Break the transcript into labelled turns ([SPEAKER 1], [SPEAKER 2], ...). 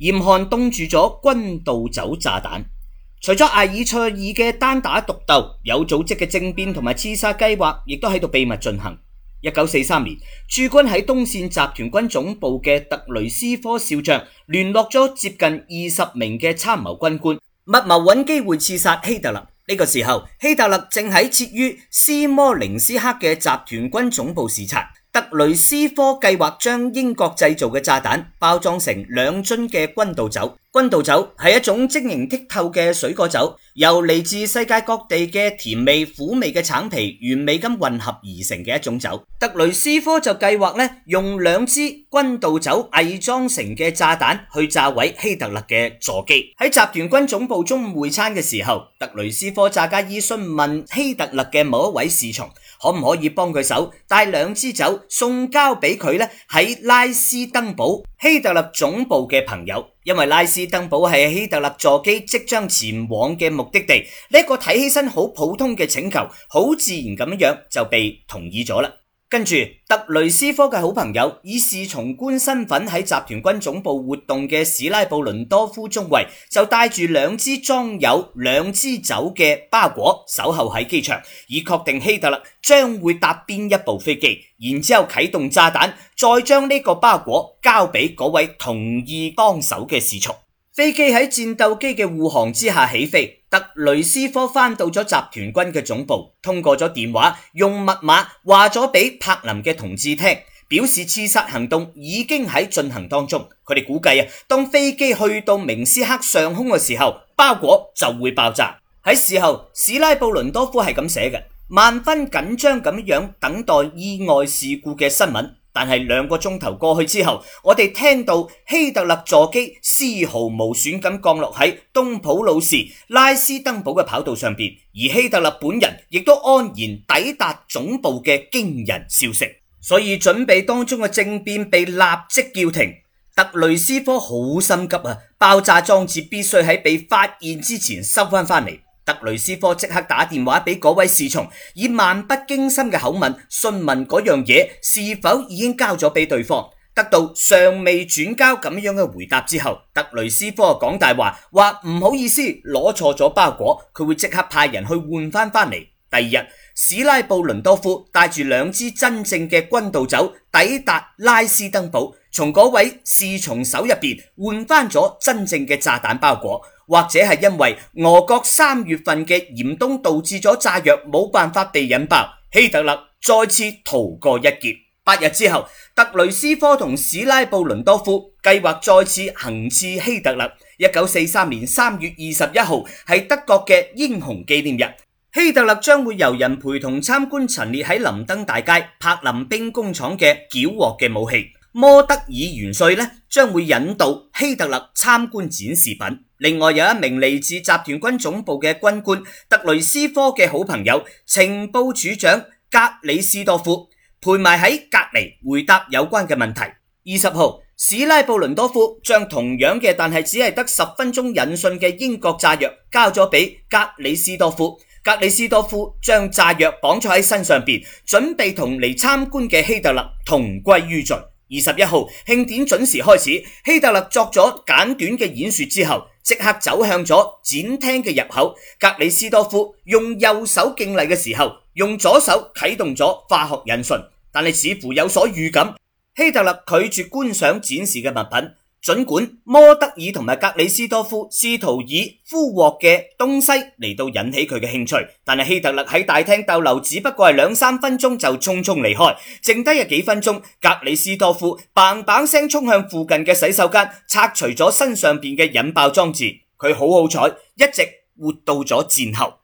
[SPEAKER 1] 嚴寒凍住咗軍道走炸彈，除咗艾爾賽爾嘅單打獨鬥，有組織嘅政變同埋刺殺計劃，亦都喺度秘密進行。一九四三年，駐軍喺東線集團軍總部嘅特雷斯科少將，聯絡咗接近二十名嘅參謀軍官，密謀揾機會刺殺希特勒。呢個時候，希特勒正喺設於斯摩棱斯克嘅集團軍總部視察。特雷斯科計劃將英國製造嘅炸彈包裝成兩樽嘅君度酒。君度酒係一種晶瑩剔透嘅水果酒，由嚟自世界各地嘅甜味、苦味嘅橙皮，完美咁混合而成嘅一種酒。特雷斯科就計劃呢，用兩支君度酒偽裝成嘅炸彈去炸毀希特勒嘅座機。喺集團軍總部中午會餐嘅時候，特雷斯科詐假意詢問希特勒嘅某一位侍從，可唔可以幫佢手帶兩支酒送交俾佢呢？喺拉斯登堡希特勒總部嘅朋友，因為拉斯登堡係希特勒座機即將前往嘅目的地。呢、這、一個睇起身好普通嘅請求，好自然咁樣就被同意咗啦。跟住，特雷斯科嘅好朋友以侍從官身份喺集團軍總部活動嘅史拉布倫多夫中尉就帶住兩支裝有兩支酒嘅包裹，守候喺機場，以確定希特勒將會搭邊一部飛機，然之後啟動炸彈，再將呢個包裹交俾嗰位同意幫手嘅侍從。飛機喺戰鬥機嘅護航之下起飛。特雷斯科翻到咗集團軍嘅總部，通過咗電話，用密碼話咗俾柏林嘅同志聽，表示刺殺行動已經喺進行當中。佢哋估計啊，當飛機去到明斯克上空嘅時候，包裹就會爆炸。喺事後，史拉布倫多夫係咁寫嘅：萬分緊張咁樣等待意外事故嘅新聞。但係兩個鐘頭過去之後，我哋聽到希特勒座機絲毫無損咁降落喺東普魯士拉斯登堡嘅跑道上邊，而希特勒本人亦都安然抵達總部嘅驚人消息。所以準備當中嘅政變被立即叫停。特雷斯科好心急啊，爆炸裝置必須喺被發現之前收翻翻嚟。特雷斯科即刻打電話俾嗰位侍從，以漫不經心嘅口吻詢問嗰樣嘢，是否已經交咗俾對方。得到尚未轉交咁樣嘅回答之後，特雷斯科講大話，話唔好意思攞錯咗包裹，佢會即刻派人去換翻翻嚟。第二日。史拉布倫多夫帶住兩支真正嘅君度酒，抵達拉斯登堡，從嗰位侍從手入邊換翻咗真正嘅炸彈包裹，或者係因為俄國三月份嘅嚴冬導致咗炸藥冇辦法被引爆。希特勒再次逃過一劫。八日之後，特雷斯科同史拉布倫多夫計劃再次行刺希特勒。一九四三年三月二十一號係德國嘅英雄紀念日。希特勒將會由人陪同參觀陳列喺林登大街柏林兵工廠嘅繳獲嘅武器。摩德爾元帥呢將會引導希特勒參觀展示品。另外有一名嚟自集團軍總部嘅軍官、特雷斯科嘅好朋友、情報處長格里斯多夫陪埋喺隔籬回答有關嘅問題。二十號史拉布倫多夫將同樣嘅，但係只係得十分鐘引信嘅英國炸藥交咗俾格里斯多夫。格里斯多夫將炸藥綁咗喺身上邊，準備同嚟參觀嘅希特勒同歸於盡。二十一號慶典準時開始，希特勒作咗簡短嘅演說之後，即刻走向咗展廳嘅入口。格里斯多夫用右手敬禮嘅時候，用左手啟動咗化學引信，但係似乎有所預感，希特勒拒絕觀賞展示嘅物品。儘管摩德爾同埋格里斯多夫試圖以俘獲嘅東西嚟到引起佢嘅興趣，但係希特勒喺大廳逗留只不過係兩三分鐘就匆匆離開，剩低嘅幾分鐘，格里斯多夫砰砰聲衝向附近嘅洗手間，拆除咗身上邊嘅引爆裝置。佢好好彩，一直活到咗戰後。